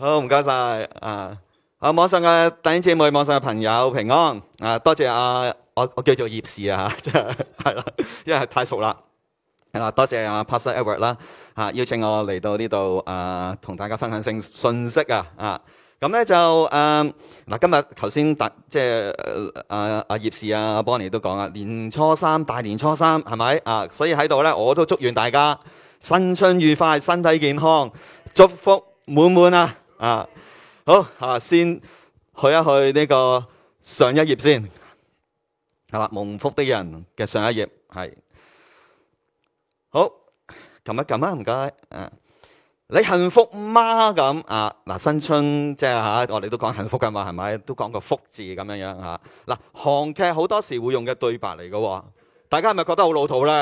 好唔該晒，啊！啊網上嘅弟兄姐妹，網上嘅朋友平安，啊多謝啊我我叫做葉氏啊，真係係啦，因為太熟啦。多謝阿 Pastor Everett 啦，吓、啊、邀請我嚟到呢度啊，同大家分享信信息啊，呢啊咁咧就誒嗱，今日頭先即係阿阿葉氏啊阿、啊、Bonnie 都講啊年初三大年初三係咪啊？所以喺度咧，我都祝願大家新春愉快，身體健康，祝福滿滿啊！啊，好，吓、啊、先去一去呢個上一頁先，係啦，蒙福的人嘅上一頁係，好撳一撳啊唔該，嗯，你幸福嗎？咁啊，嗱，新春即係吓，我哋都講幸福噶嘛，係咪？都講個福字咁樣樣吓，嗱、啊，韓劇好多時會用嘅對白嚟噶，大家係咪覺得好老土咧？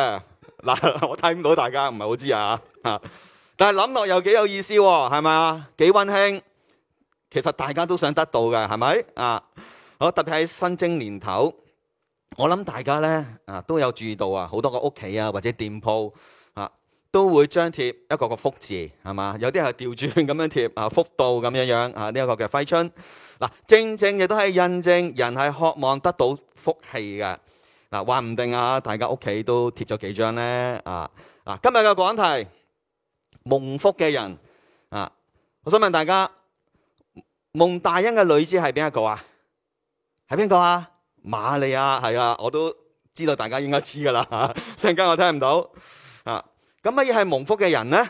嗱、啊，我睇唔到大家，唔係好知啊，吓。但係諗落又幾有意思喎，係咪啊？幾溫馨，其實大家都想得到嘅，係咪啊？好，特別喺新正年頭，我諗大家呢啊都有注意到啊，好多個屋企啊或者店鋪啊都會張貼一個個福字，係嘛？有啲係調轉咁樣貼啊，福到咁樣樣啊，呢、這、一個嘅揮春。嗱、啊，正正亦都係印證人係渴望得到福氣嘅。嗱、啊，話唔定啊，大家屋企都貼咗幾張呢。啊。嗱、啊，今日嘅講題。蒙福嘅人啊，我想問大家，蒙大恩嘅女子係邊一個啊？係邊個啊？瑪利亞係啊，我都知道，大家應該知噶啦。陣、啊、間我聽唔到啊，咁乜嘢係蒙福嘅人呢？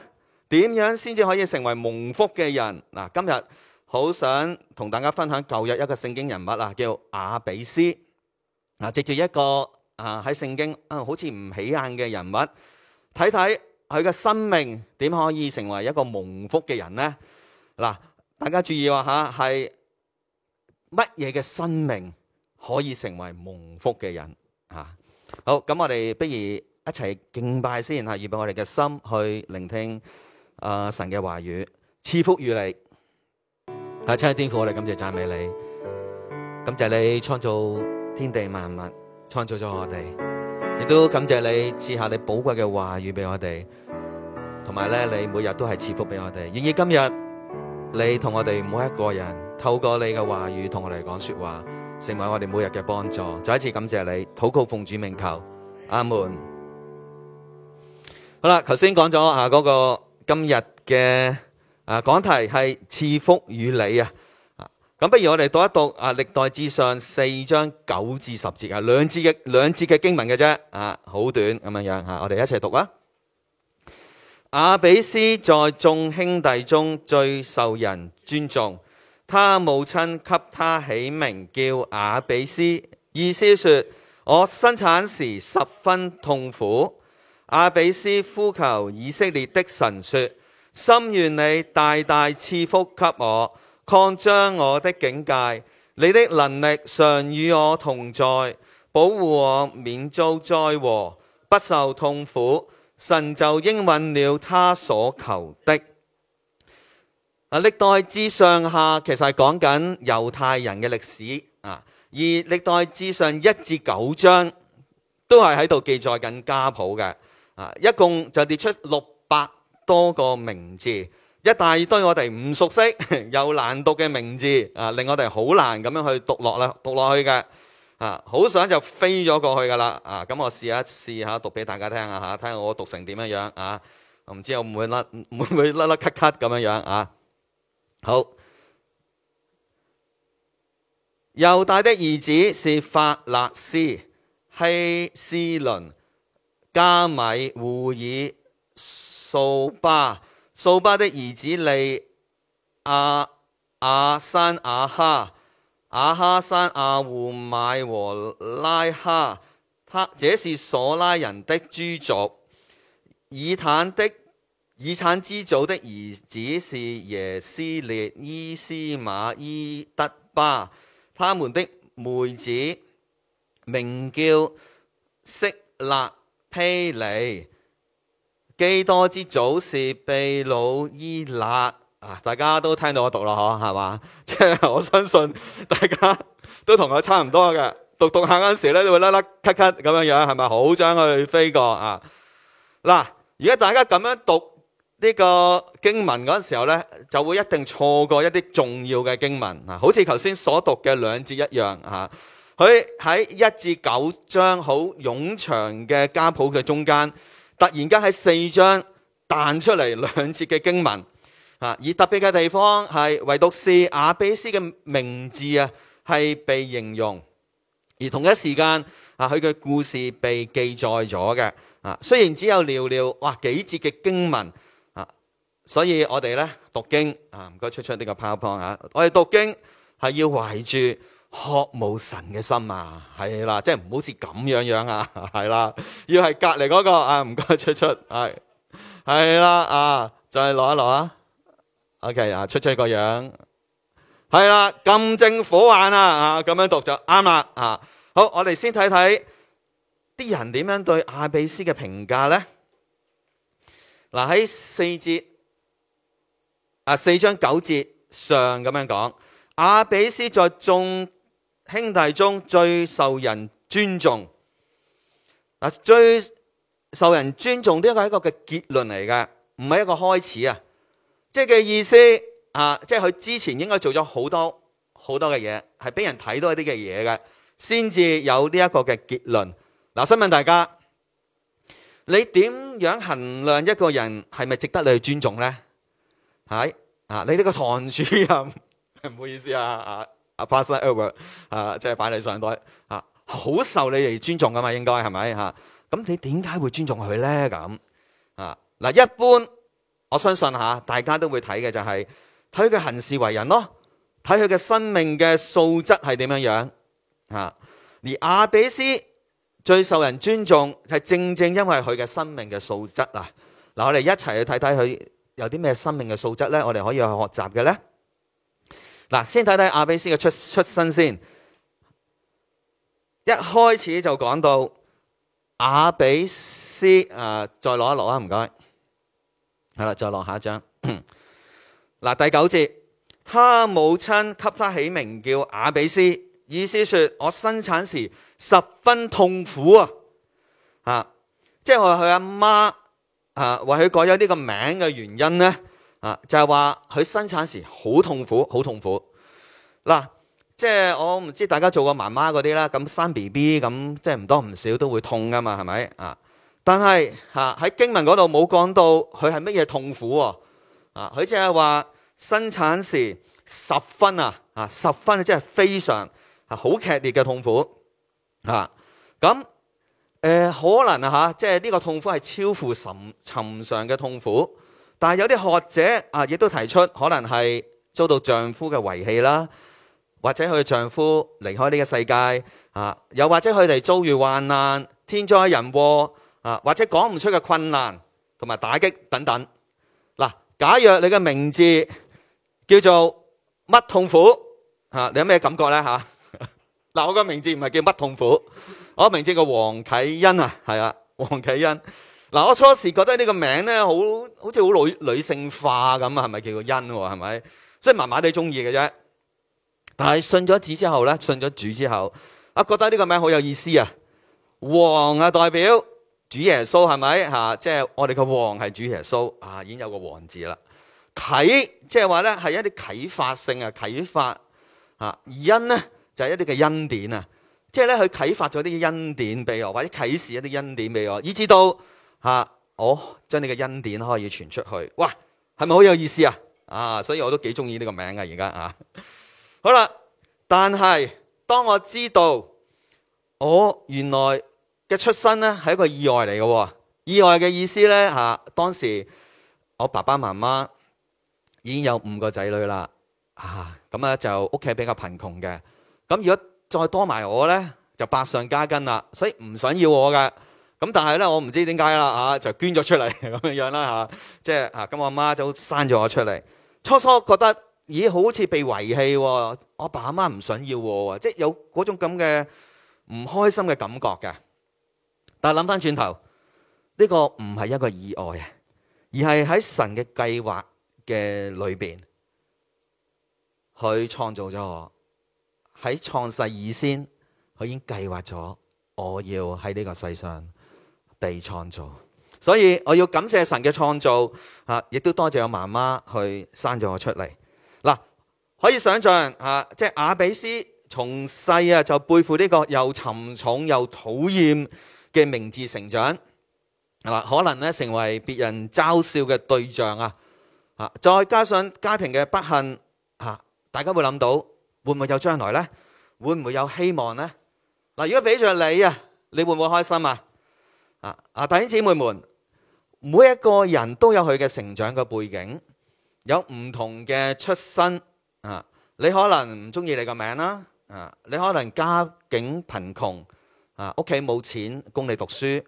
點樣先至可以成為蒙福嘅人？嗱、啊，今日好想同大家分享舊日一個聖經人物啊，叫雅比斯。嗱、啊，直接一個啊喺聖經啊，好似唔起眼嘅人物，睇睇。佢嘅生命點可以成為一個蒙福嘅人呢？嗱，大家注意啊吓，係乜嘢嘅生命可以成為蒙福嘅人啊？好，咁我哋不如一齊敬拜先吓，預備我哋嘅心去聆聽阿、呃、神嘅話語，賜福與你。阿親愛的天父，我哋感謝讚美你，感謝你創造天地萬物，創造咗我哋。亦都感謝你賜下你寶貴嘅話語俾我哋，同埋呢，你每日都係賜福俾我哋。願意今日你同我哋每一個人透過你嘅話語同我哋講說話，成為我哋每日嘅幫助。再一次感謝你，禱告奉主名求，阿門。好啦，頭先講咗啊，嗰個今日嘅啊講題係賜福與你啊。咁不如我哋讀一讀啊，歷代志上四章九至十節啊，兩節嘅、兩節嘅經文嘅啫，啊，好短咁樣樣吓，我哋一齊讀啦。阿比斯在眾兄弟中最受人尊重，他母親給他起名叫阿比斯，意思說我生產時十分痛苦。阿比斯呼求以色列的神說：心願你大大賜福給我。擴張我的境界，你的能力常與我同在，保護我免遭災禍，不受痛苦。神就應允了他所求的。啊，歷代志上下其實係講緊猶太人嘅歷史啊，而歷代志上一至九章都係喺度記載緊家譜嘅啊，一共就列出六百多個名字。一大堆我哋唔熟悉又難讀嘅名字啊，令我哋好難咁樣去讀落啦，讀落去嘅啊，好想就飛咗過去噶啦啊。咁我試下，試下讀俾大家聽下吓，睇下我讀成點樣樣啊。唔知我唔會甩，唔會甩甩咳咳咁樣樣啊？好，猶大的兒子是法勒斯，希斯倫、加米、胡爾、素巴。素巴的兒子利亞亞山亞、啊、哈亞、啊、哈山亞戶買和拉哈，他這是索拉人的諸族。以坦的以坦之祖的兒子是耶斯列伊斯馬伊德巴，他們的妹子名叫色勒披尼。基多之祖是秘魯伊納啊！大家都聽到我讀啦，嗬，係嘛？即係我相信大家都同我差唔多嘅，讀讀下嗰陣時咧都會甩甩咳咳咁樣樣，係咪好想去飛過啊？嗱，如果大家咁樣讀呢個經文嗰陣時候咧，就會一定錯過一啲重要嘅經文像剛才的啊，好似頭先所讀嘅兩節一樣啊。佢喺一至九章好冗長嘅家譜嘅中間。突然間喺四章彈出嚟兩節嘅經文吓，而特別嘅地方係唯獨是雅比斯嘅名字啊，係被形容而同一時間啊，佢嘅故事被記載咗嘅啊。雖然只有寥寥哇幾節嘅經文啊，所以我哋咧讀經啊，唔該出出呢個 powerpoint 啊，我哋讀經係要圍住。學武神嘅心啊，係啦，即係唔好似咁樣樣啊，係啦，要係隔籬嗰個啊，唔該，出出，係係啦，啊，再攞一攞啊，OK 啊，出出個樣，係啦，咁正火眼啊，啊，咁樣讀就啱啦，啊，好，我哋先睇睇啲人點樣對雅比斯嘅評價咧，嗱、啊、喺四節啊四章九節上咁樣講，雅比斯在眾。兄弟中最受人尊重。嗱，最受人尊重呢個係一個嘅結論嚟嘅，唔係一個開始啊！即係嘅意思啊，即係佢之前應該做咗好多好多嘅嘢，係俾人睇到一啲嘅嘢嘅，先至有呢一個嘅結論。嗱，想問大家，你點樣衡量一個人係咪值得你去尊重咧？喺啊，你呢個堂主任，唔 好意思啊啊！阿巴塞爾啊，即係擺你上台啊，好受你哋尊重噶嘛？應該係咪吓？咁你點解會尊重佢呢？咁啊嗱，一般我相信吓，大家都會睇嘅就係睇佢行事為人咯，睇佢嘅生命嘅素質係點樣樣吓。而阿比斯最受人尊重，就係正正因為佢嘅生命嘅素質啊。嗱，我哋一齊去睇睇佢有啲咩生命嘅素質呢？我哋可以去學習嘅呢。嗱，先睇睇阿比斯嘅出出身先。一開始就講到阿比斯，啊、呃，再攞一攞啊，唔該。係啦，再落下一張。嗱， 第九節，他母親給他起名叫阿比斯，意思說我生產時十分痛苦啊。啊，即係話佢阿媽啊，為佢改咗呢個名嘅原因咧。啊，就係話佢生產時好痛苦，好痛苦。嗱、啊，即、就、係、是、我唔知大家做過媽媽嗰啲啦，咁生 B B 咁，即係唔多唔少都會痛噶嘛，係咪啊？但係吓喺經文嗰度冇講到佢係乜嘢痛苦啊？佢即係話生產時十分啊啊，十分即係非常啊，好劇烈嘅痛苦啊。咁、啊、誒、呃，可能啊吓，即係呢個痛苦係超乎尋尋常嘅痛苦。但係有啲學者啊，亦都提出可能係遭到丈夫嘅遺棄啦，或者佢嘅丈夫離開呢個世界啊，又或者佢哋遭遇患難、天災人禍啊，或者講唔出嘅困難同埋打擊等等。嗱，啊，假若你嘅名字叫做乜痛苦，啊，你有咩感覺呢？吓？嗱，我個名字唔係叫乜痛苦，我名字叫黃啟恩。啊，係啊，黃啟恩嗱，我初時覺得呢個名咧好好似好女女性化咁，係咪叫個恩？係咪即係麻麻地中意嘅啫？但係信咗主之後咧，信咗主之後，啊，覺得呢個名好有意思啊！王啊，代表主耶穌係咪吓？即係、啊就是、我哋個王係主耶穌啊，已經有個王字啦。啟即係話咧係一啲啟發性啟發啊，啟發吓，而恩」呢，就係、是、一啲嘅恩典啊，即係咧佢啟發咗啲恩典俾我，或者啟示一啲恩典俾我，以至到。吓、啊！我、哦、將你嘅恩典可以傳出去，哇！係咪好有意思啊？啊！所以我都幾中意呢個名噶，而家啊。好啦，但係當我知道我、哦、原來嘅出身呢係一個意外嚟嘅、哦，意外嘅意思呢，吓、啊，當時我爸爸媽媽已經有五個仔女啦，啊咁咧就屋企比較貧窮嘅，咁如果再多埋我呢，就百上加斤啦，所以唔想要我嘅。咁但係咧，我唔知點解啦，吓就捐咗出嚟咁樣樣啦，吓即係吓咁我阿媽就生咗我出嚟，初初覺得咦好似被遺棄、哦，我爸阿媽唔想要我，即係有嗰種咁嘅唔開心嘅感覺嘅。但係諗翻轉頭，呢個唔係一個意外啊，而係喺神嘅計劃嘅裏邊，佢創造咗我喺創世以先，佢已經計劃咗我要喺呢個世上。被創造，所以我要感謝神嘅創造嚇，亦都多謝我媽媽去生咗我出嚟嗱。可以想象嚇，即係雅比斯從細啊就背負呢個又沉重又討厭嘅名字成長嗱，可能咧成為別人嘲笑嘅對象啊，再加上家庭嘅不幸嚇，大家會諗到會唔會有將來呢？會唔會有希望呢？嗱，如果俾著你啊，你會唔會開心啊？啊！啊，弟兄姊妹們，每一個人都有佢嘅成長嘅背景，有唔同嘅出身。啊，你可能唔中意你嘅名啦。啊，你可能家境貧窮。啊，屋企冇錢供你讀書。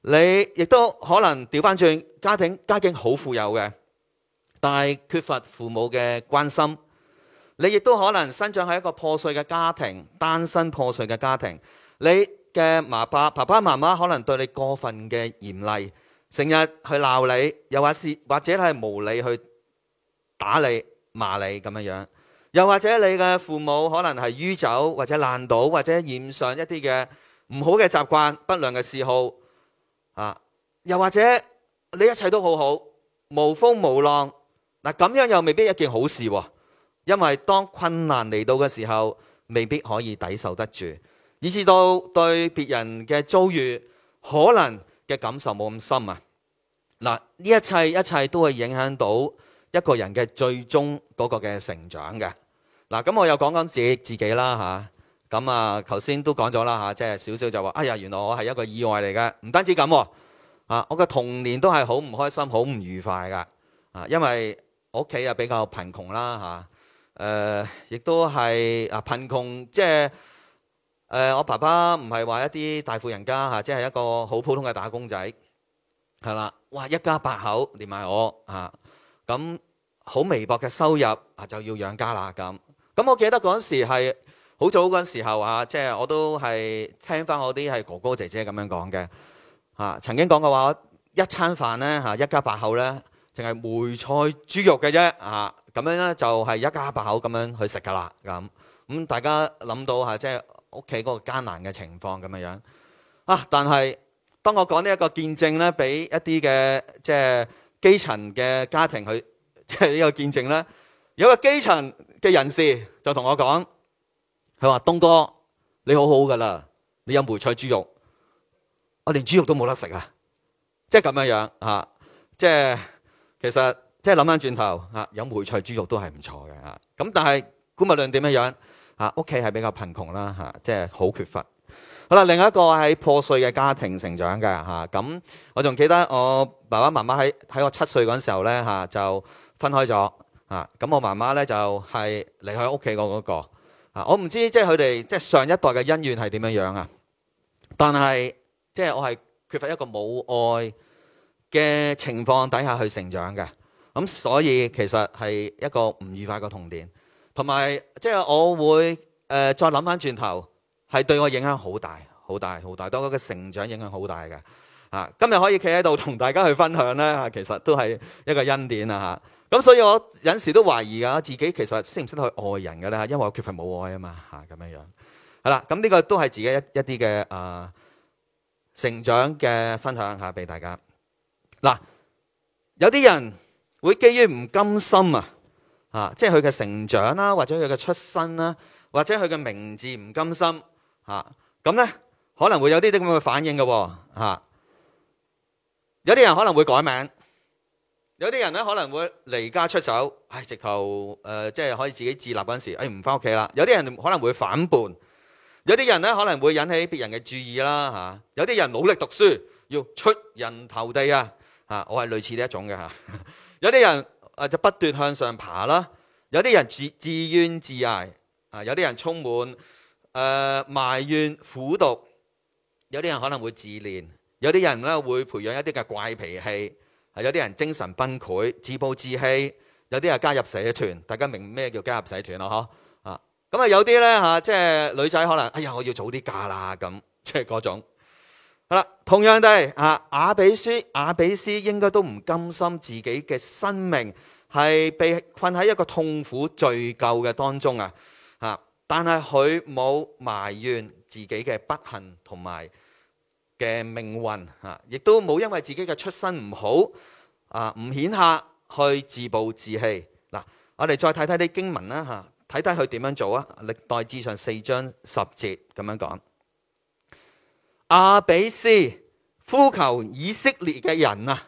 你亦都可能掉返轉，家庭家境好富有嘅，但係缺乏父母嘅關心。你亦都可能生長喺一個破碎嘅家庭，單身破碎嘅家庭。你。嘅爸爸、爸爸媽媽可能對你過分嘅嚴厲，成日去鬧你，又或是或者係無理去打你、罵你咁樣樣，又或者你嘅父母可能係酗酒，或者爛賭，或者染上一啲嘅唔好嘅習慣、不良嘅嗜好啊，又或者你一切都好好，無風無浪，嗱，咁樣又未必一件好事喎，啊，因為當困難嚟到嘅時候，未必可以抵受得住。以至到對別人嘅遭遇可能嘅感受冇咁深啊！嗱，呢一切一切都會影響到一個人嘅最終嗰個嘅成長嘅。嗱，咁我又講講自己自己啦吓，咁啊，頭先都講咗啦吓，即係少少就話、是，哎呀，原來我係一個意外嚟嘅，唔單止咁啊，我嘅童年都係好唔開心、好唔愉快嘅啊，因為我屋企又比較貧窮啦吓，誒、呃，亦都係啊貧窮即係。誒、呃，我爸爸唔係話一啲大富人家吓、啊，即係一個好普通嘅打工仔，係啦，哇，一家八口連埋我吓，咁、啊、好微薄嘅收入啊，就要養家啦咁。咁我記得嗰陣時係好早嗰陣時候吓、啊，即係我都係聽翻我啲係哥哥姐姐咁樣講嘅吓，曾經講過話，一餐飯咧吓，一家八口咧淨係梅菜豬肉嘅啫啊，咁樣咧就係、是、一家八口咁樣去食噶啦咁。咁、啊嗯、大家諗到吓、啊，即係。屋企嗰個艱難嘅情況咁嘅樣啊！但係當我講呢一個見證咧，俾一啲嘅即係基層嘅家庭去即係呢個見證咧，有個基層嘅人士就同我講，佢話：東哥，你好好噶啦，你有梅菜豬肉，我連豬肉都冇得食、就是、啊！即係咁嘅樣啊！即係其實即係諗翻轉頭啊，有梅菜豬肉都係唔錯嘅啊！咁但係姑勿論點乜樣？屋企係比較貧窮啦，吓，即係好缺乏。好啦，另一個喺破碎嘅家庭成長嘅，吓，咁我仲記得我爸爸媽媽喺喺我七歲嗰陣時候呢，吓就分開咗。啊，咁我媽媽呢，就係離開屋企嗰個。啊，我唔知即係佢哋即係上一代嘅恩怨係點樣樣啊，但係即係我係缺乏一個母愛嘅情況底下去成長嘅，咁所以其實係一個唔愉快嘅童年。同埋即係我會誒、呃、再諗翻轉頭，係對我影響好大、好大、好大，對我嘅成長影響好大嘅、啊。今日可以企喺度同大家去分享咧，吓、啊、其實都係一個恩典啊。吓咁，所以我有時都懷疑啊，我自己其實識唔識得去愛人㗎咧、啊，因為我缺乏母愛啊嘛。吓咁樣樣，啦、啊，咁呢個都係自己一一啲嘅啊成長嘅分享下俾、啊、大家。嗱、啊，有啲人會基於唔甘心啊。啊，即係佢嘅成長啦，或者佢嘅出身啦，或者佢嘅名字唔甘心嚇，咁呢可能會有啲啲咁嘅反應嘅喎嚇。有啲人可能會改名，有啲人咧可能會離家出走，唉、哎，直頭誒、呃、即係可以自己自立嗰陣時候，誒唔返屋企啦。有啲人可能會反叛，有啲人咧可能會引起別人嘅注意啦嚇。有啲人努力讀書，要出人頭地啊嚇。我係類似呢一種嘅嚇。有啲人。啊！就不斷向上爬啦。有啲人自自怨自艾，啊，有啲人充滿誒、呃、埋怨苦毒，有啲人可能會自憐，有啲人咧會培養一啲嘅怪脾氣，係有啲人精神崩潰、自暴自棄，有啲人加入社團，大家明咩叫加入社團咯？嗬啊！咁啊有啲咧嚇，即、就、係、是、女仔可能哎呀我要早啲嫁啦咁，即係嗰種。同樣地，啊，雅比斯，雅比斯應該都唔甘心自己嘅生命係被困喺一個痛苦罪疚嘅當中啊，但係佢冇埋怨自己嘅不幸同埋嘅命運啊，亦都冇因為自己嘅出身唔好啊，唔顯客去自暴自棄。嗱，我哋再睇睇啲經文啦吓，睇睇佢點樣做啊。歷代志上四章十節咁樣講。雅比斯呼求以色列嘅人啊，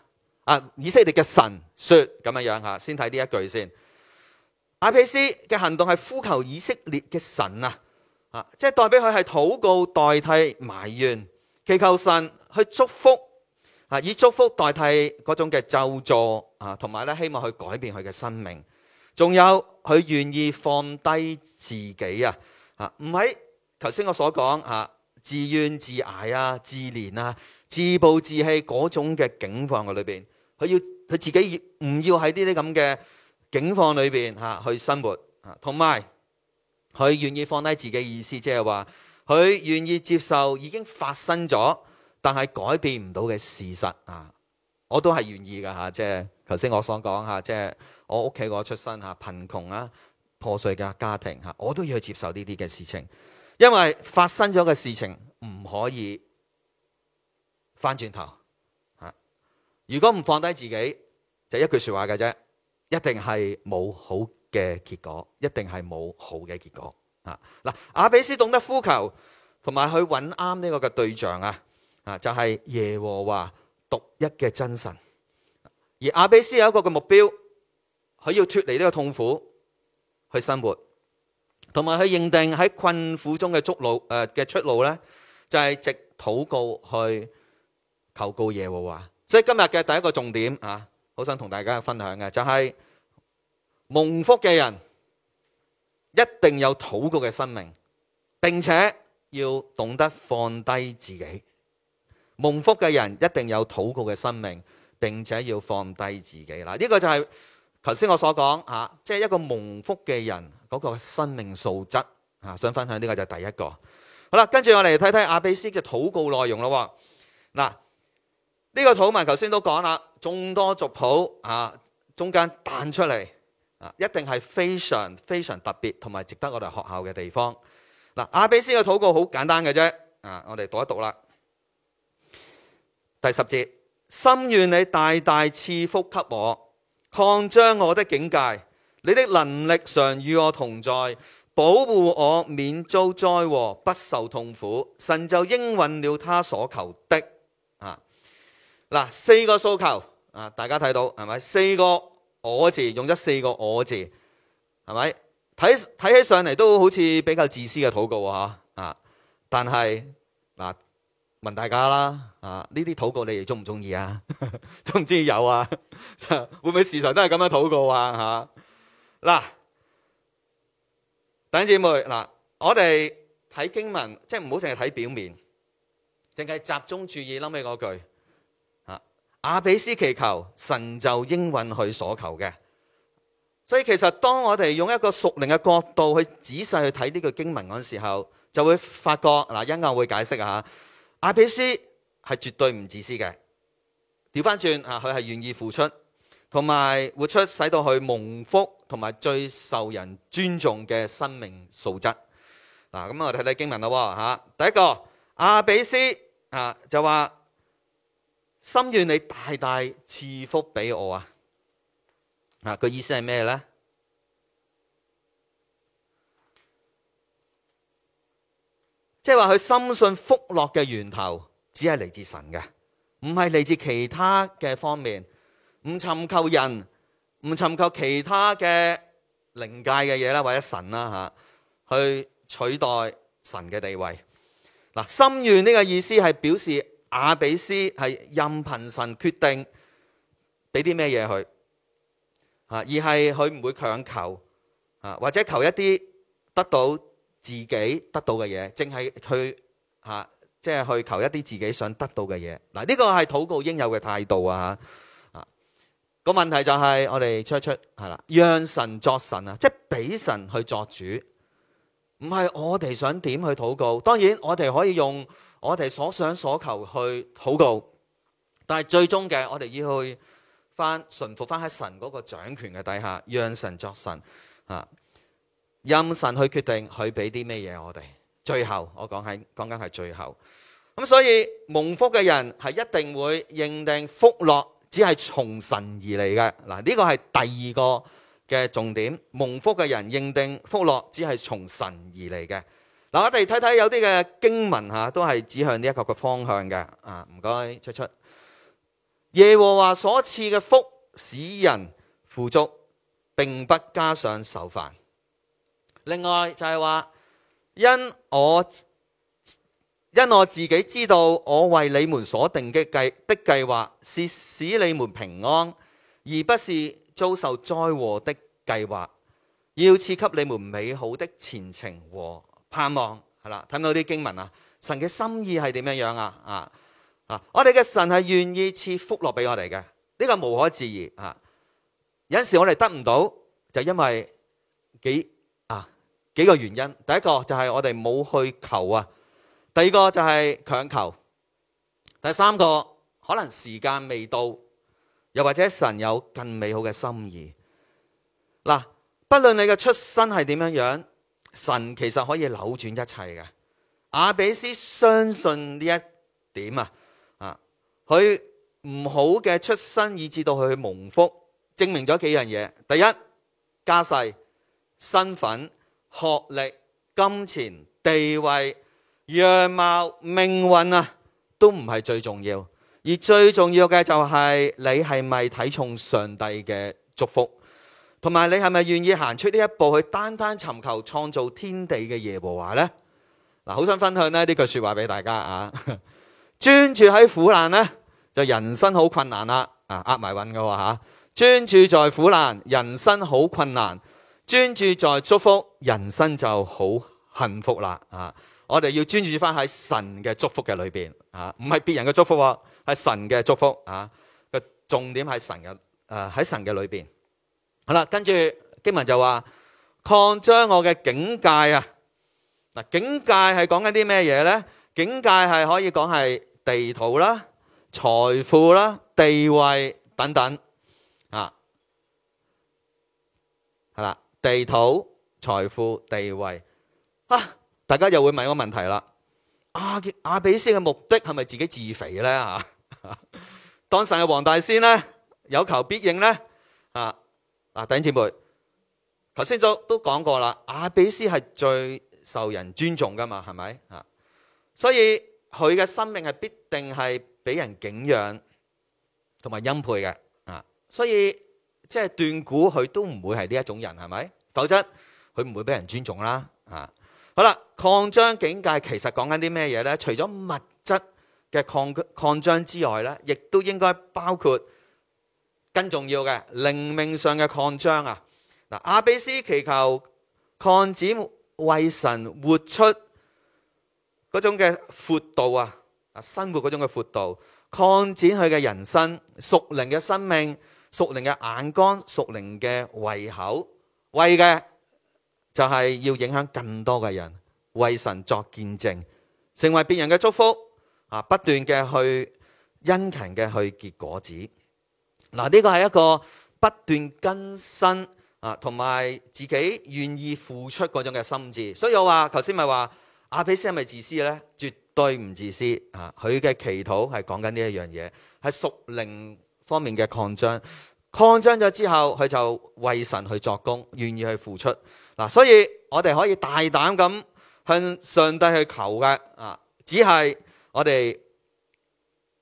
啊以色列嘅神說咁樣樣吓，先睇呢一句先。雅比斯嘅行動係呼求以色列嘅神啊，啊即係代表佢係禱告代替埋怨，祈求神去祝福，啊，以祝福代替嗰種嘅咒詛，啊，同埋咧希望去改變佢嘅生命，仲有佢願意放低自己啊，唔喺頭先我所講自怨自艾啊，自憐啊，自暴自棄嗰種嘅境況嘅裏邊，佢要佢自己唔要喺呢啲咁嘅境況裏邊吓、啊、去生活，吓同埋佢願意放低自己的意思，即係話佢願意接受已經發生咗但係改變唔到嘅事實啊，我都係願意噶吓，即係頭先我所講吓，即、啊、係、就是、我屋企我出身吓、啊，貧窮啊破碎嘅家庭吓、啊，我都要去接受呢啲嘅事情。因為發生咗嘅事情唔可以翻轉頭，啊！如果唔放低自己，就是，一句說話嘅啫，一定係冇好嘅結果，一定係冇好嘅結果，啊！嗱，阿比斯懂得呼求，同埋去搵啱呢個嘅對象啊，啊，就係、是、耶和華獨一嘅真神。而阿比斯有一個嘅目標，佢要脫離呢個痛苦去生活。同埋佢認定喺困苦中嘅出路，誒嘅出路呢，就係藉禱告去求告耶和華。所以今日嘅第一個重點啊，好想同大家分享嘅就係蒙福嘅人一定有禱告嘅生命，並且要懂得放低自己。蒙福嘅人一定有禱告嘅生命，並且要放低自己啦。呢個就係頭先我所講吓，即係一個蒙福嘅人。嗰個生命素質啊，想分享呢個就係第一個。好啦，跟住我嚟睇睇阿比斯嘅禱告內容咯。嗱，呢個土文頭先都講啦，眾多族譜啊，中間彈出嚟啊，一定係非常非常特別同埋值得我哋學習嘅地方。嗱，亞比斯嘅禱告好簡單嘅啫，啊，我哋讀一讀啦。第十節，心願你大大賜福給我，擴張我的境界。你的能力常與我同在，保護我免遭災禍，不受痛苦。神就應允了他所求的。啊，嗱，四個訴求啊，大家睇到係咪？四個我字，用咗四個我字，係咪？睇睇起上嚟都好似比較自私嘅禱告吓啊，啊，但係嗱、啊，問大家啦啊，呢啲禱告你哋中唔中意啊？中唔中意有啊？ 會唔會時常都係咁樣禱告啊？吓、啊？嗱，弟兄姊妹，嗱，我哋睇經文，即係唔好淨係睇表面，淨係集中注意。諗起嗰句，啊，雅比斯祈求，神就應允佢所求嘅。所以其實當我哋用一個熟靈嘅角度去仔細去睇呢句經文嗰時候，就會發覺，嗱，陣間會解釋。啊，雅比斯係絕對唔自私嘅，調翻轉啊，佢係願意付出。同埋活出使到佢蒙福，同埋最受人尊重嘅生命素質。嗱，咁我哋睇睇經文啦，吓，第一個阿比斯啊，就話心願你大大賜福俾我啊。啊，個意思係咩咧？即係話佢深信福樂嘅源頭只係嚟自神嘅，唔係嚟自其他嘅方面。唔尋求人，唔尋求其他嘅靈界嘅嘢啦，或者神啦吓，去取代神嘅地位。嗱，心願呢個意思係表示阿比斯係任憑神決定，俾啲咩嘢佢吓，而係佢唔會強求吓，或者求一啲得到自己得到嘅嘢，淨係去吓，即係去求一啲自己想得到嘅嘢。嗱，呢個係禱告應有嘅態度啊！個問題就係我哋 check 出係啦，讓神作神啊，即係俾神去作主，唔係我哋想點去禱告。當然我哋可以用我哋所想所求去禱告，但係最終嘅我哋要去翻順服翻喺神嗰個掌權嘅底下，讓神作神啊，任神去決定佢俾啲咩嘢我哋。最後我講喺講緊係最後，咁所以蒙福嘅人係一定會認定福樂。只係從神而嚟嘅。嗱、這、呢個係第二個嘅重點。蒙福嘅人認定福樂只係從神而嚟嘅。嗱，我哋睇睇有啲嘅經文吓，都係指向呢一個嘅方向嘅。啊，唔該，出出。耶和華所賜嘅福使人富足，並不加上愁煩。另外就係話，因我。因我自己知道，我為你們所定嘅計的計劃，是使你們平安，而不是遭受災禍的計劃。要賜給你們美好的前程和盼望。係啦，睇到啲經文啊？神嘅心意係點樣樣啊？啊，我哋嘅神係願意賜福樂俾我哋嘅，呢個無可置疑啊！有陣時我哋得唔到，就因為幾啊幾個原因。第一個就係我哋冇去求啊。第二個就係強求，第三個可能時間未到，又或者神有更美好嘅心意。嗱，不論你嘅出身係點樣樣，神其實可以扭轉一切嘅。雅比斯相信呢一點啊，啊，佢唔好嘅出身，以至到佢去蒙福，證明咗幾樣嘢。第一，家世、身份、學歷、金錢、地位。樣貌命運啊，都唔係最重要，而最重要嘅就係、是、你係咪睇重上帝嘅祝福，同埋你係咪願意行出呢一步去，單單尋求創造天地嘅耶和華呢？嗱，好想分享呢呢句說話俾大家啊。專注喺苦難咧，就人生好困難啦。啊，壓埋運嘅吓。專、啊、注在苦難，人生好困難；專注在祝福，人生就好幸福啦。啊！我哋要專注翻喺神嘅祝福嘅裏邊啊，唔係別人嘅祝福啊，係神嘅祝福啊。個重點係神嘅，誒喺神嘅裏邊。好啦，跟住經文就話擴張我嘅境界啊。嗱，境界係講緊啲咩嘢咧？境界係可以講係地土啦、財富啦、地位等等啊。係啦，地土、財富、地位、等等地地位啊。大家又會問個問題啦，啊，阿亞比斯嘅目的係咪自己自肥呢？吓？ 當神係黃大仙呢，有求必應呢。啊！啊弟兄姊妹，頭先都都講過啦，亞比斯係最受人尊重噶嘛，係咪吓？所以佢嘅生命係必定係俾人敬仰同埋欽佩嘅啊！所以即係斷估佢都唔會係呢一種人，係咪？否則佢唔會俾人尊重啦啊！好啦，擴張境界其實講緊啲咩嘢咧？除咗物質嘅擴擴張之外咧，亦都應該包括更重要嘅靈命上嘅擴張啊！嗱，雅比斯祈求擴展為神活出嗰種嘅闊度啊，啊，生活嗰種嘅闊度，擴展佢嘅人生，屬靈嘅生命，屬靈嘅眼光，屬靈嘅胃口，為嘅。就係要影響更多嘅人，為神作見證，成為別人嘅祝福啊！不斷嘅去殷勤嘅去結果子。嗱，呢個係一個不斷更新啊，同埋自己願意付出嗰種嘅心智。所以我話頭先咪話阿比斯係咪自私呢？絕對唔自私啊！佢嘅祈禱係講緊呢一樣嘢，係屬靈方面嘅擴張。擴張咗之後，佢就為神去作工，願意去付出。嗱，所以我哋可以大膽咁向上帝去求嘅啊，只係我哋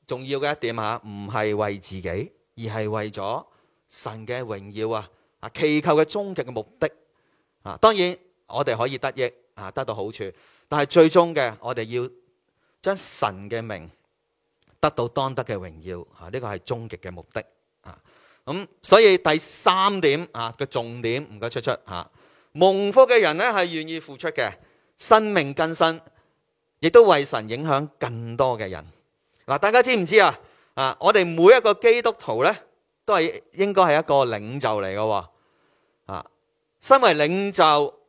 重要嘅一點嘛，唔係為自己，而係為咗神嘅榮耀啊！啊，祈求嘅終極嘅目的啊，當然我哋可以得益啊，得到好處，但係最終嘅我哋要將神嘅名得到當得嘅榮耀啊，呢個係終極嘅目的啊。咁所以第三點啊嘅重點唔該出出吓。蒙福嘅人咧，係願意付出嘅，生命更新，亦都為神影響更多嘅人。嗱，大家知唔知啊？啊，我哋每一個基督徒咧都係應該係一個領袖嚟嘅，啊，身為領袖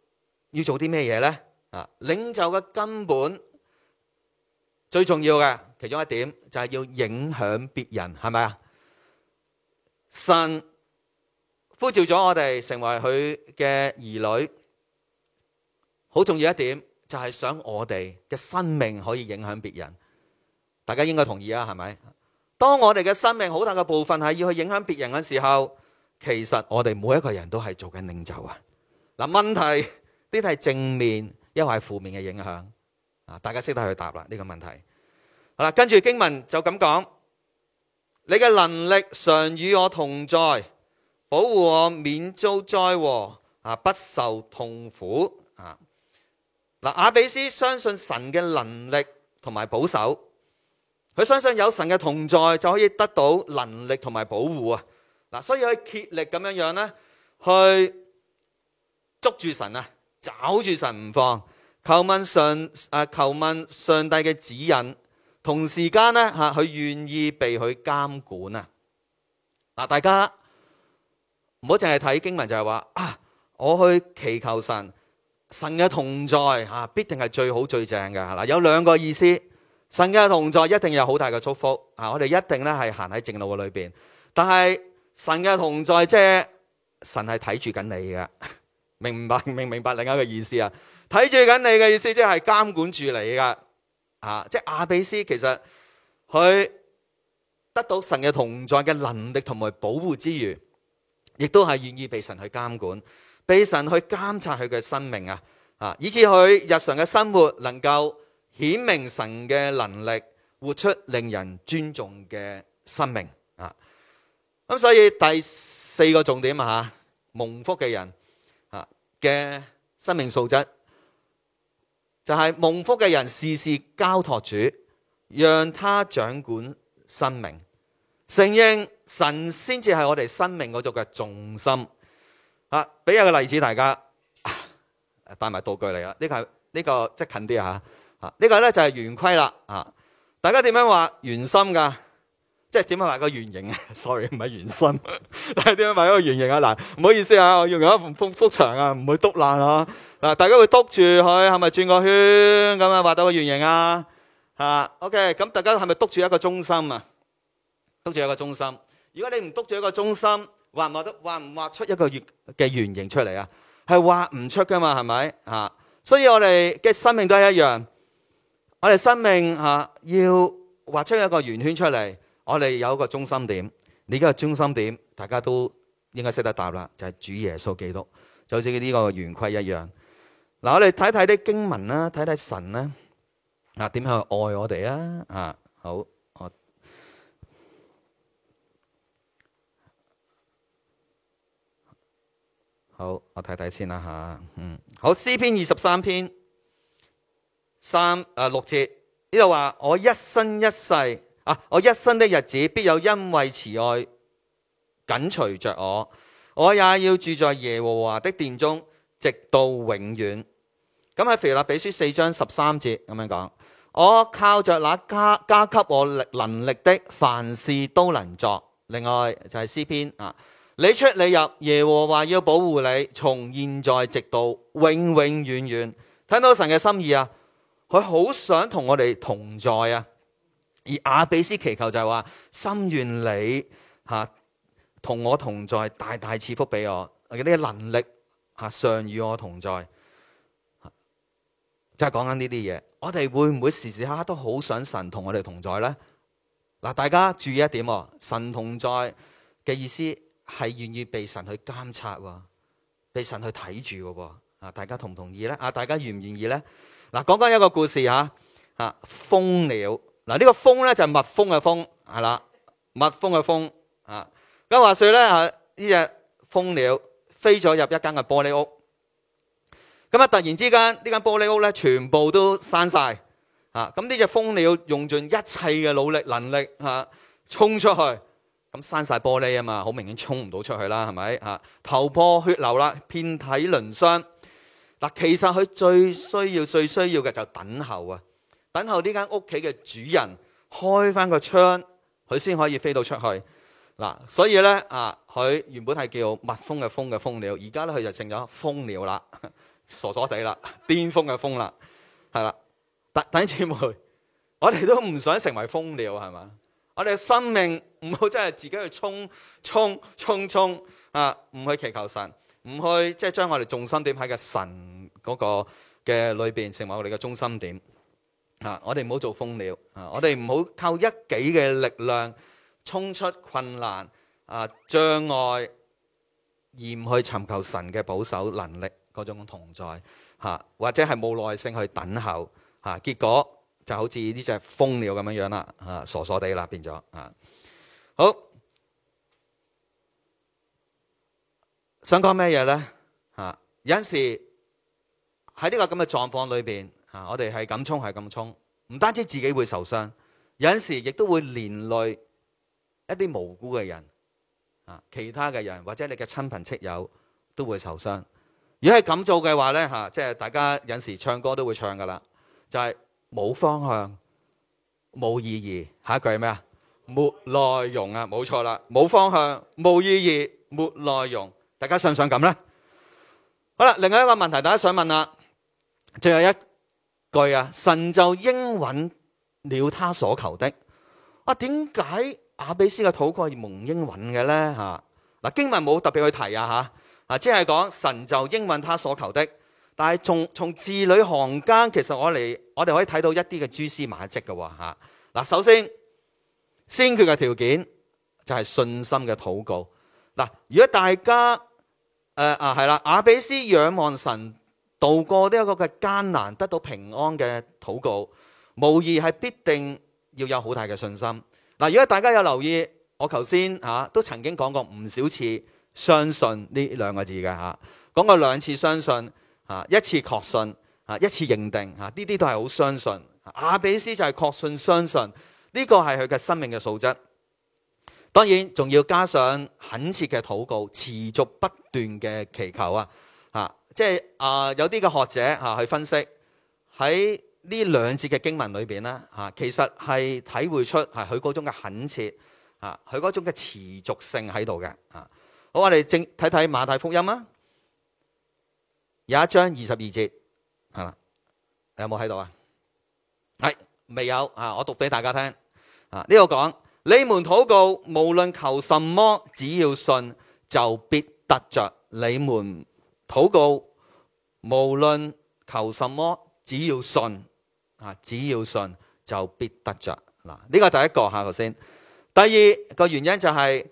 要做啲咩嘢咧？啊，領袖嘅根本最重要嘅其中一點就係要影響別人，係咪啊？神。呼召咗我哋成為佢嘅兒女，好重要一點就係想我哋嘅生命可以影響別人。大家應該同意啊，係咪？當我哋嘅生命好大嘅部分係要去影響別人嘅時候，其實我哋每一個人都係做緊領袖啊！嗱，問題呢啲係正面，一係負面嘅影響啊！大家識得去答啦呢個問題。好啦，跟住經文就咁講，你嘅能力常與我同在。保護我免遭災禍，啊，不受痛苦啊！嗱，雅比斯相信神嘅能力同埋保守，佢相信有神嘅同在就可以得到能力同埋保護啊！嗱，所以佢竭力咁樣樣咧，去捉住神啊，找住神唔放，求問上啊，求問上帝嘅指引，同時間咧吓，佢願意被佢監管啊！嗱，大家。唔好淨係睇經文就是說，就係話啊，我去祈求神，神嘅同在啊，必定係最好最正嘅。嗱，有兩個意思，神嘅同在一定有好大嘅祝福啊，我哋一定咧係行喺正路嘅裏邊。但係神嘅同在，就是，即係神係睇住緊你嘅，明白，明唔明白？另一個意思啊，睇住緊你嘅意思，即係監管住你噶啊，即係雅比斯其實佢得到神嘅同在嘅能力同埋保護之餘。亦都係願意被神去監管，被神去監察佢嘅生命啊，啊，以至佢日常嘅生活能夠顯明神嘅能力，活出令人尊重嘅生命啊。咁所以第四個重點啊，蒙福嘅人啊嘅生命素質就係、是、蒙福嘅人事事交托主，讓他掌管生命，承認。神先至係我哋生命嗰度嘅重心啊！俾一個例子大家，啊、帶埋道具嚟啦。呢、這個這個啊這個呢個即係近啲啊！呢個咧就係圓規啦大家，點樣話圓心噶、啊？即係點樣畫個圓形啊？sorry 唔係圓心， 但係點樣畫一個圓形啊？嗱，唔好意思啊，我用咗幅幅牆啊，唔會篤爛嗬嗱。大家會篤住佢係咪轉個圈咁啊畫到個圓形啊？吓、啊，ok，咁大家係咪篤住一個中心啊？篤住一個中心。如果你唔篤住一個中心，畫唔畫得？畫唔畫出一個圓嘅圓形出嚟啊？係畫唔出噶嘛？係咪啊？所以我哋嘅生命都係一樣，我哋生命吓要畫出一個圓圈出嚟。我哋有一個中心點，你而家嘅中心點大家都應該識得答啦，就係主耶穌基督，就好似呢個圓規一樣。嗱，我哋睇睇啲經文啦，睇睇神咧啊，點樣愛我哋啊？啊，好。好，我睇睇先啦吓，嗯，好。詩篇二十三篇三呃六節呢度話：我一生一世啊，我一生的日子必有恩惠慈愛緊隨着我，我也要住在耶和華的殿中，直到永遠。咁喺腓立比書四章十三節咁樣講：我靠着那加加給我力能力的，凡事都能作。另外就係詩篇啊。你出你入，耶和華要保護你，從現在直到永永遠遠。聽到神嘅心意啊，佢好想同我哋同在啊。而阿比斯祈求就係話，心願你吓、啊、同我同在，大大賜福俾我。呢、呢個能力吓常、啊、與我同在，即係講緊呢啲嘢。我哋會唔會時時刻刻都好想神同我哋同在呢？嗱、啊，大家注意一點，啊、神同在嘅意思。係願意被神去監察喎，被神去睇住嘅喎。啊，大家同唔同意咧？啊，大家願唔願意咧？嗱，講講一個故事吓。吓，蜂鳥嗱，呢個蜂咧就係蜜蜂嘅蜂，係啦，蜜蜂嘅蜂。啊，咁話說咧，啊，呢隻蜂鳥飛咗入一間嘅玻璃屋。咁啊，突然之間呢間玻璃屋咧，全部都閂晒。啊，咁呢隻蜂鳥用盡一切嘅努力能力，吓，衝出去。咁閂晒玻璃啊嘛，好明顯衝唔到出去啦，係咪？頭破血流啦，遍體鱗傷。嗱，其實佢最需要、最需要嘅就等候啊！等候呢間屋企嘅主人開翻個窗，佢先可以飛到出去。嗱，所以咧啊，佢原本係叫蜜蜂嘅蜂嘅蜂嘅蜂鳥，而家咧佢就成咗蜂鳥啦，傻傻地啦，癲瘋嘅瘋啦，係啦。但等姐妹，我哋都唔想成為蜂鳥，係咪？我哋嘅生命唔好真係自己去衝衝衝衝啊！唔去祈求神，唔去即、就是、將我哋重心點喺個神嗰個嘅裏面成為我哋嘅中心點啊！我哋唔好做蜂鳥啊！我哋唔好靠一己嘅力量衝出困難啊障礙，而唔去尋求神嘅保守能力嗰種同在吓、啊，或者係冇耐性去等候吓、啊，結果。就好似呢隻蜂鳥咁樣樣啦，啊，傻傻地啦，變咗啊。好，想講咩嘢咧？有陣時喺呢個咁嘅狀況裏邊，我哋係咁衝，係咁衝，唔單止自己會受傷，有陣時亦都會連累一啲無辜嘅人，啊，其他嘅人或者你嘅親朋戚友都會受傷。如果係咁做嘅話咧，吓，即係大家有陣時唱歌都會唱噶啦，就係、是。冇方向，冇意義。下一句係咩啊？沒內容啊！冇錯啦，冇方向，冇意義，沒內容。大家想唔想咁咧？好啦，另外一個問題，大家想問啦，最後一句啊，神就應允了他所求的。啊，點解阿比斯嘅禱告蒙應允嘅呢？嚇嗱，經文冇特別去提啊，嚇啊，即係講神就應允他所求的。但係從從字裏行間，其實我哋我哋可以睇到一啲嘅蛛絲馬跡嘅嚇。嗱、啊，首先先決嘅條件就係信心嘅禱告。嗱、啊，如果大家、呃、啊係啦，雅比斯仰望神渡過呢一個嘅艱難，得到平安嘅禱告，無疑係必定要有好大嘅信心。嗱、啊，如果大家有留意，我頭先嚇都曾經講過唔少次相信呢兩個字嘅嚇，講、啊、過兩次相信，啊！一次確信，啊！一次認定，啊！呢啲都係好相信。阿比斯就係確信、相信，呢個係佢嘅生命嘅素質。當然，仲要加上懇切嘅禱告、持續不斷嘅祈求啊！啊，即係啊，有啲嘅學者嚇去分析喺呢兩節嘅經文裏邊咧，嚇其實係體會出係佢嗰種嘅懇切啊，佢嗰種嘅持續性喺度嘅。啊，好，我哋正睇睇馬太福音啊。有一章二十二節，係嘛？你有冇喺度啊？係未有啊？我讀俾大家聽啊！呢個講，你們禱告，無論求什麼，只要信，就必得着。你們禱告，無論求什麼，只要信啊，只要信就必得着。嗱，呢個第一個，下頭先。第二個原因就係、是、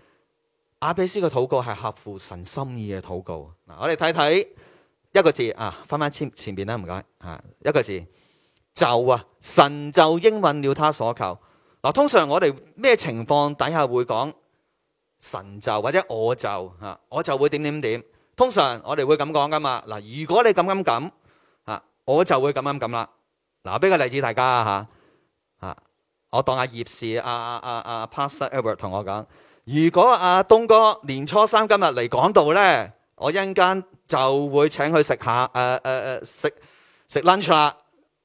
阿比斯嘅禱告係合乎神心意嘅禱告。嗱，我哋睇睇。一個字啊，翻翻前前邊啦，唔該啊。一個字就啊，神就應允了他所求。嗱、啊，通常我哋咩情況底下會講神就或者我就吓，我就會點點點。通常我哋會咁講噶嘛。嗱，如果你咁咁咁啊，我就會咁咁咁啦。嗱，俾、啊啊啊、個例子大家吓吓、啊啊，我當下葉是阿阿阿阿 Pastor Edward 同我講，如果阿、啊、東哥年初三今日嚟講道咧。我一陣間就會請佢食下誒誒誒食食 lunch 啦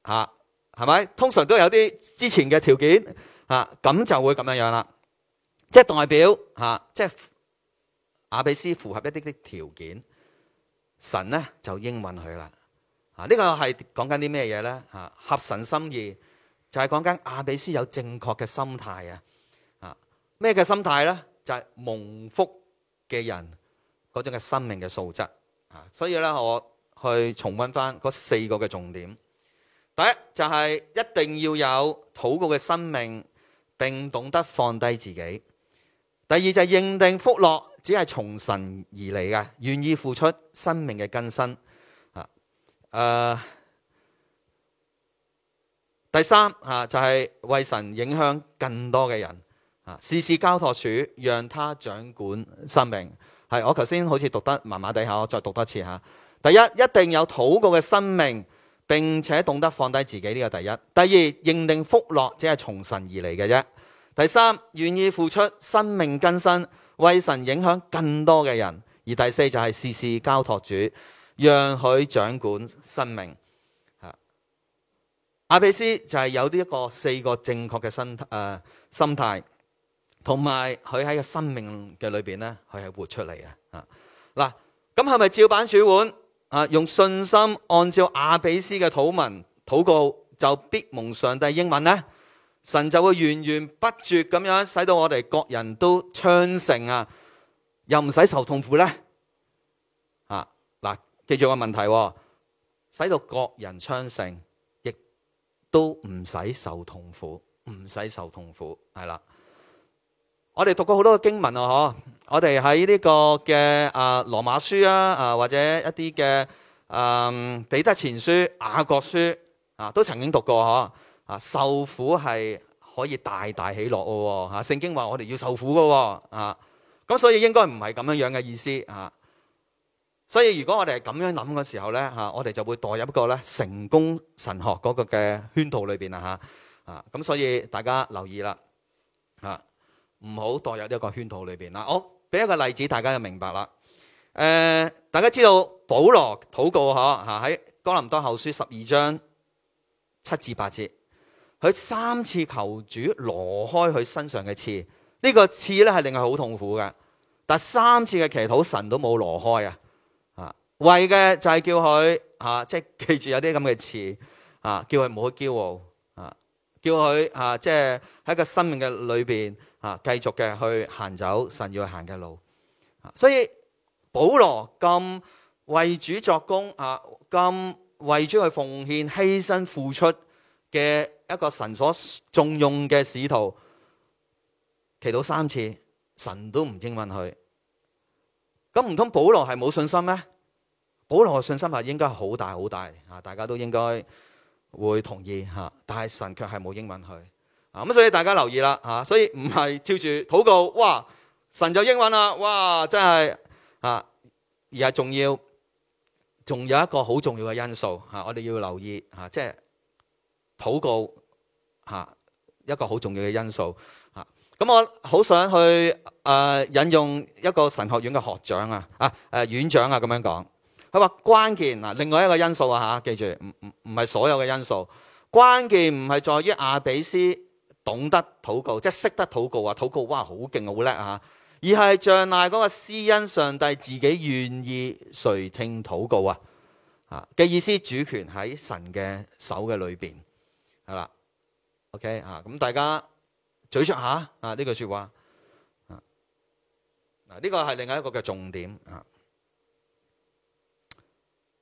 吓，係咪？通常都有啲之前嘅條件吓，咁就會咁樣樣啦。即係代表吓，即係雅比斯符合一啲啲條件，神咧就應允佢啦。啊，呢個係講緊啲咩嘢咧？吓，合神心意就係講緊雅比斯有正確嘅心態啊！啊咩嘅心態咧？就係蒙福嘅人。嗰種嘅生命嘅素質，所以咧，我去重溫翻嗰四個嘅重點。第一就係、是、一定要有禱告嘅生命，並懂得放低自己。第二就係、是、認定福樂只係從神而嚟嘅，願意付出生命嘅更新啊。誒、呃，第三啊，就係、是、為神影響更多嘅人啊，事事交託處，讓他掌管生命。係，我頭先好似讀得麻麻地下，我再讀多次吓。第一，一定有禱告嘅生命，並且懂得放低自己呢，這個第一。第二，認定福樂只係從神而嚟嘅啫。第三，願意付出生命更新，為神影響更多嘅人。而第四就係事事交託主，讓佢掌管生命。阿、啊、比斯就係有呢一個四個正確嘅心誒心態。同埋佢喺個生命嘅裏邊呢，佢係活出嚟嘅啊！嗱，咁係咪照板煮碗啊？用信心按照雅比斯嘅禱文禱告，就必蒙上帝應允呢？神就會源源不絕咁樣，使到我哋各人都昌盛啊！又唔使受痛苦呢？啊！嗱、啊啊，記住個問題，啊、使到各人昌盛，亦都唔使受痛苦，唔使受痛苦，係啦。我哋讀過好多嘅經文啊，嗬！我哋喺呢個嘅誒羅馬書啊，啊或者一啲嘅誒彼得前書、雅各書啊，都曾經讀過啊，受苦係可以大大喜樂嘅，吓、啊、聖經話我哋要受苦嘅，啊咁所以應該唔係咁樣樣嘅意思啊。所以如果我哋係咁樣諗嘅時候咧，吓、啊、我哋就會墮入一個咧成功神學嗰個嘅圈套裏邊啦，吓啊，咁所以大家留意啦，吓、啊。唔好墮入呢一個圈套裏邊啦，好、哦、俾一個例子，大家就明白啦。誒、呃，大家知道保羅禱告嗬吓喺《哥林多後書》十二章七至八節，佢三次求主挪開佢身上嘅刺，呢、這個刺咧係令佢好痛苦噶。但三次嘅祈禱，神都冇挪開啊。啊，為嘅就係叫佢吓，即係記住有啲咁嘅刺啊，叫佢唔好驕傲啊，叫佢吓，即係喺個生命嘅裏邊。啊，繼續嘅去行走神要去行嘅路，啊，所以保羅咁為主作工，啊，咁為主去奉獻犧牲付出嘅一個神所重用嘅使徒，祈禱三次，神都唔應允佢。咁唔通保羅係冇信心咩？保羅嘅信心係應該好大好大啊，大家都應該會同意吓，啊，但係神卻係冇應允佢。咁所以大家留意啦吓，所以唔係照住禱告，哇，神就應允啦、啊。哇，真係、啊、而係重要，仲有一個好重要嘅因素吓、啊，我哋要留意吓，即係禱告吓、啊、一個好重要嘅因素吓。咁、啊、我好想去誒、呃、引用一個神學院嘅學長啊啊誒、呃、院長啊咁樣講，佢話關鍵、啊、另外一個因素啊吓，記住唔唔唔係所有嘅因素，關鍵唔係在於亞比斯。懂得禱告，即係識得禱告啊！禱告哇，好勁，好叻啊！而係像嗱嗰個施恩上帝自己願意垂聽禱告啊！啊嘅意思，主權喺神嘅手嘅裏邊係啦。OK 啊，咁大家咀出下啊呢句說話啊，嗱呢個係另外一個嘅重點啊。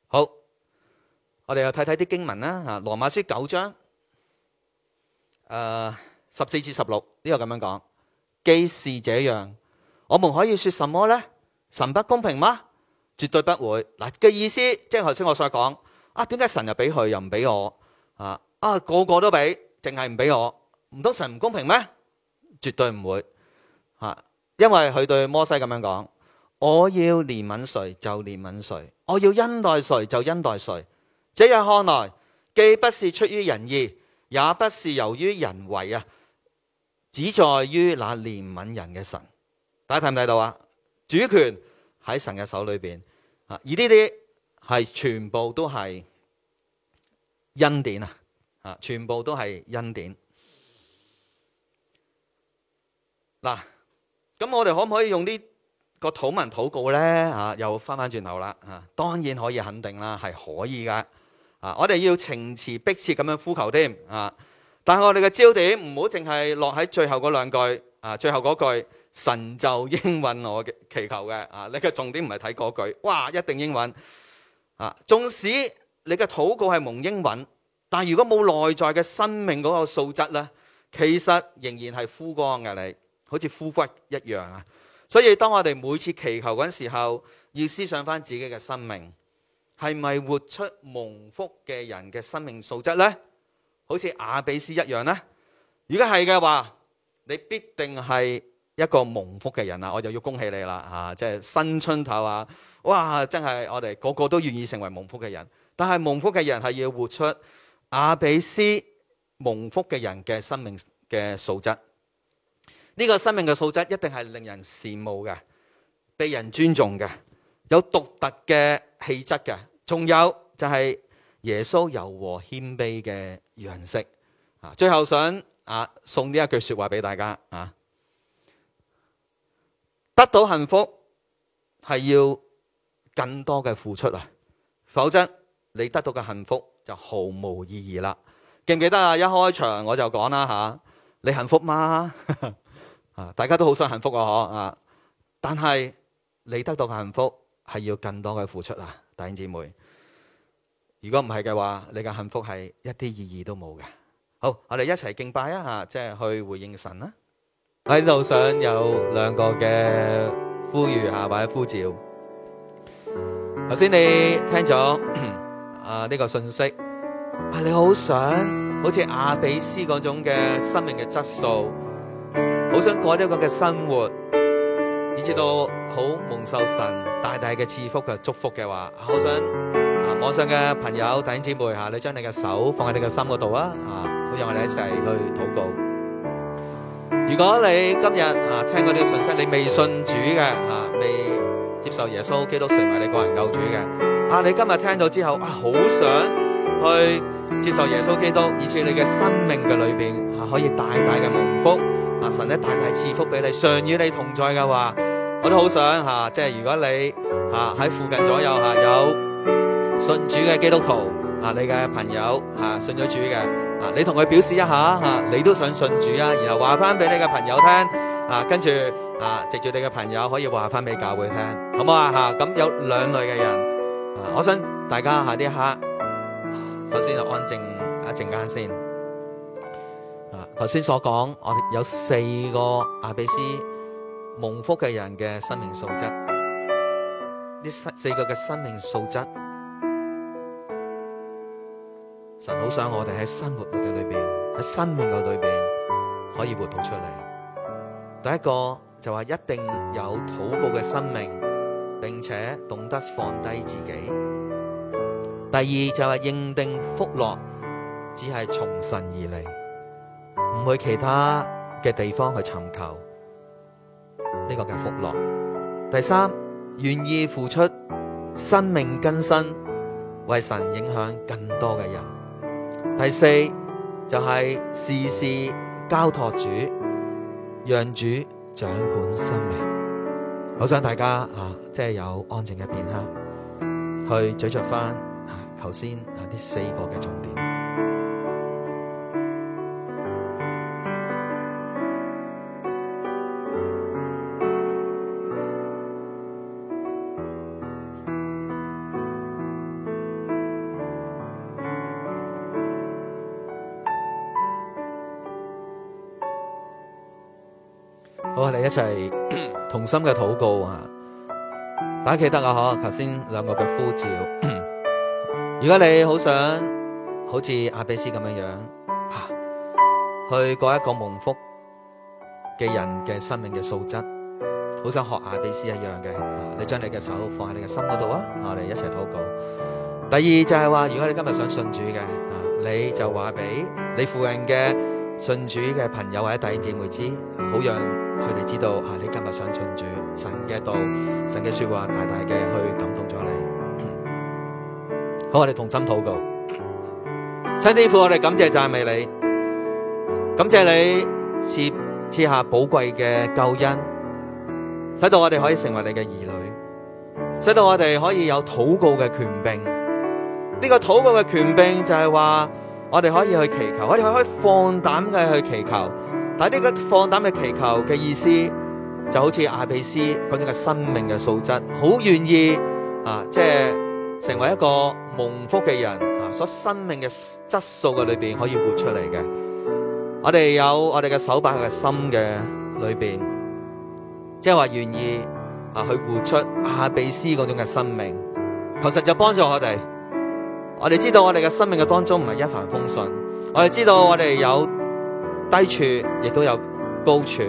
好，我哋又睇睇啲經文啦。啊，羅馬書九章誒。十四至十六呢、這個咁樣講，既是這樣，我們可以說什麼呢？神不公平嗎？絕對不會嗱嘅、那個、意思，即係頭先我所講啊。點解神又俾佢，又唔俾我啊？啊，個個都俾，淨係唔俾我，唔通神唔公平咩？絕對唔會吓、啊，因為佢對摩西咁樣講，我要憐憫誰就憐憫誰，我要恩待誰就恩待誰。這樣看來，既不是出於人意，也不是由於人為啊。只在於那憐憫人嘅神，大家睇唔睇到啊？主權喺神嘅手裏邊啊，而呢啲係全部都係恩典啊！啊，全部都係恩典。嗱，咁我哋可唔可以用啲個土文禱告咧？啊，又翻翻轉頭啦啊，當然可以肯定啦，係可以㗎啊！我哋要情詞逼切咁樣呼求添啊！但係我哋嘅焦點唔好淨係落喺最後嗰兩句，啊最後嗰句神就應允我嘅祈求嘅，啊你嘅重點唔係睇嗰句，哇一定應允啊縱使你嘅禱告係蒙應允，但如果冇內在嘅生命嗰個素質呢，其實仍然係枯光嘅你，好似枯骨一樣啊。所以當我哋每次祈求嗰陣時候，要思想翻自己嘅生命係咪活出蒙福嘅人嘅生命素質呢？好似阿比斯一樣呢，如果係嘅話，你必定係一個蒙福嘅人啊！我就要恭喜你啦，吓、啊，即係新春頭啊！哇，真係我哋個個都願意成為蒙福嘅人。但係蒙福嘅人係要活出阿比斯蒙福嘅人嘅生命嘅素質。呢、這個生命嘅素質一定係令人羨慕嘅，被人尊重嘅，有獨特嘅氣質嘅。仲有就係、是。耶穌柔和謙卑嘅樣式啊，最後想啊送呢一句說話俾大家啊，得到幸福係要更多嘅付出啊，否則你得到嘅幸福就毫無意義啦。記唔記得啊？一開場我就講啦吓，你幸福嗎？啊，大家都好想幸福啊，嗬啊，但係你得到嘅幸福係要更多嘅付出啊，弟兄姊妹。如果唔係嘅話，你嘅幸福係一啲意義都冇㗎。好，我哋一齊敬拜一下，即係去回應神啦。喺呢度想有兩個嘅呼籲啊，或者呼召。頭先你聽咗啊呢個信息，啊你好想好似雅比斯嗰種嘅生命嘅質素，好想過呢個嘅生活，以至到好蒙受神大大嘅賜福嘅祝福嘅話，我想。網上嘅朋友弟兄姊妹吓，你將你嘅手放喺你嘅心嗰度啊！啊，好讓我哋一齊去禱告。如果你今日啊聽過呢個信息，你未信主嘅吓，未接受耶穌基督成為你個人救主嘅，啊，你今日聽到之後啊，好想去接受耶穌基督，以至你嘅生命嘅裏邊吓可以大大嘅蒙福啊，神咧，大大賜福俾你，常與你同在嘅話，我都好想吓，即係如果你喺附近左右吓有信主嘅基督徒啊，你嘅朋友啊，信咗主嘅啊，你同佢表示一下吓，你都想信主啊，然後話翻俾你嘅朋友聽啊，跟住啊，藉住你嘅朋友可以話翻俾教會聽，好唔好啊吓？咁有兩類嘅人啊，我想大家吓呢一刻，首先就安靜一陣間先啊。頭先所講，我哋有四個雅比斯蒙福嘅人嘅生命素質，呢四四個嘅生命素質。神好想我哋喺生活嘅裏邊，喺生命嘅裏邊可以活到出嚟。第一個就話一定有禱告嘅生命，並且懂得放低自己。第二就話認定福樂只係從神而嚟，唔去其他嘅地方去尋求呢個嘅福樂。第三願意付出生命更新，為神影響更多嘅人。第四就係、是、事事交託主，讓主掌管生命。我想大家啊，即係有安靜嘅片刻，去咀嚼翻啊，頭先啊呢四個嘅重點。一齊 同心嘅禱告啊！大家記得啊，嗬，頭先兩個嘅呼召。 如果你好想好似阿比斯咁樣樣、啊、去過一個蒙福嘅人嘅生命嘅素質，好想學阿比斯一樣嘅、啊，你將你嘅手放喺你嘅心嗰度啊！我哋一齊禱告。第二就係話，如果你今日想信主嘅、啊，你就話俾你附近嘅信主嘅朋友或者弟兄姐妹知，好讓。佢哋知道，啊你今日想進住神嘅道，神嘅說話大大嘅去感動咗你、嗯。好，我哋同心禱告，親天父，我哋感謝讚美你，感謝你賜賜下寶貴嘅救恩，使到我哋可以成為你嘅兒女，使到我哋可以有禱告嘅權柄。呢、這個禱告嘅權柄就係話，我哋可以去祈求，我哋可以放膽嘅去祈求。但呢個放膽嘅祈求嘅意思，就好似雅比斯嗰種嘅生命嘅素質，好願意啊，即係成為一個蒙福嘅人啊，所生命嘅質素嘅裏邊可以活出嚟嘅。我哋有我哋嘅手把嘅心嘅裏邊，即係話願意啊去活出雅比斯嗰種嘅生命。其實就幫助我哋，我哋知道我哋嘅生命嘅當中唔係一帆風順，我哋知道我哋有。低處亦都有高處。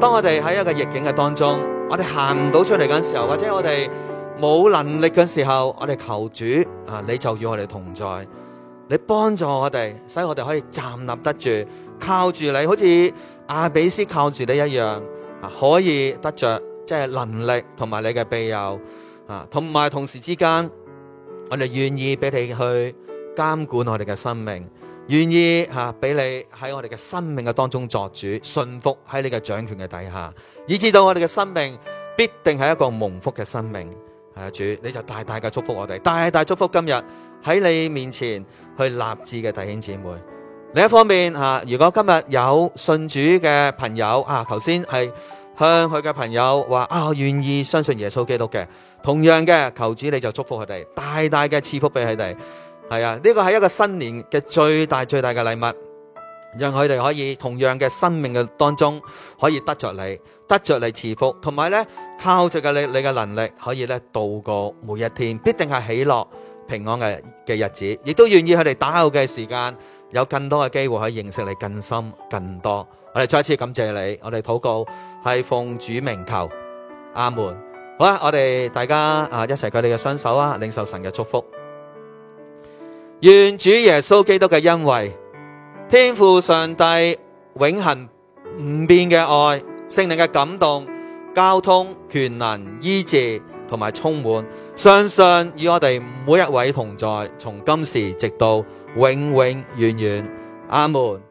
當我哋喺一個逆境嘅當中，我哋行唔到出嚟嘅時候，或者我哋冇能力嘅時候，我哋求主啊，你就與我哋同在，你幫助我哋，使我哋可以站立得住，靠住你，好似雅比斯靠住你一樣，可以得着即係能力同埋你嘅庇佑啊，同埋同時之間，我哋願意俾你去監管我哋嘅生命。願意吓俾你喺我哋嘅生命嘅當中作主，信服喺你嘅掌權嘅底下，以至到我哋嘅生命必定係一個蒙福嘅生命。係啊，主你就大大嘅祝福我哋，大大祝福今日喺你面前去立志嘅弟兄姊妹。另一方面吓，如果今日有信主嘅朋友啊，頭先係向佢嘅朋友話啊，我願意相信耶穌基督嘅，同樣嘅，求主你就祝福佢哋，大大嘅賜福俾佢哋。係啊，呢個係一個新年嘅最大最大嘅禮物，讓佢哋可以同樣嘅生命嘅當中可以得着你，得着你賜福，同埋呢，靠住嘅你，你嘅能力可以呢度過每一天，必定係喜樂平安嘅嘅日子，亦都願意佢哋打後嘅時間有更多嘅機會可以認識你更深更多。我哋再一次感謝你，我哋禱告係奉主名求，阿門。好啦，我哋大家啊一齊舉你嘅雙手啊，領受神嘅祝福。願主耶穌基督嘅恩惠、天父上帝永恒唔變嘅愛、聖靈嘅感動、交通、全能醫治同埋充滿，相信與我哋每一位同在，從今時直到永永遠遠。阿門。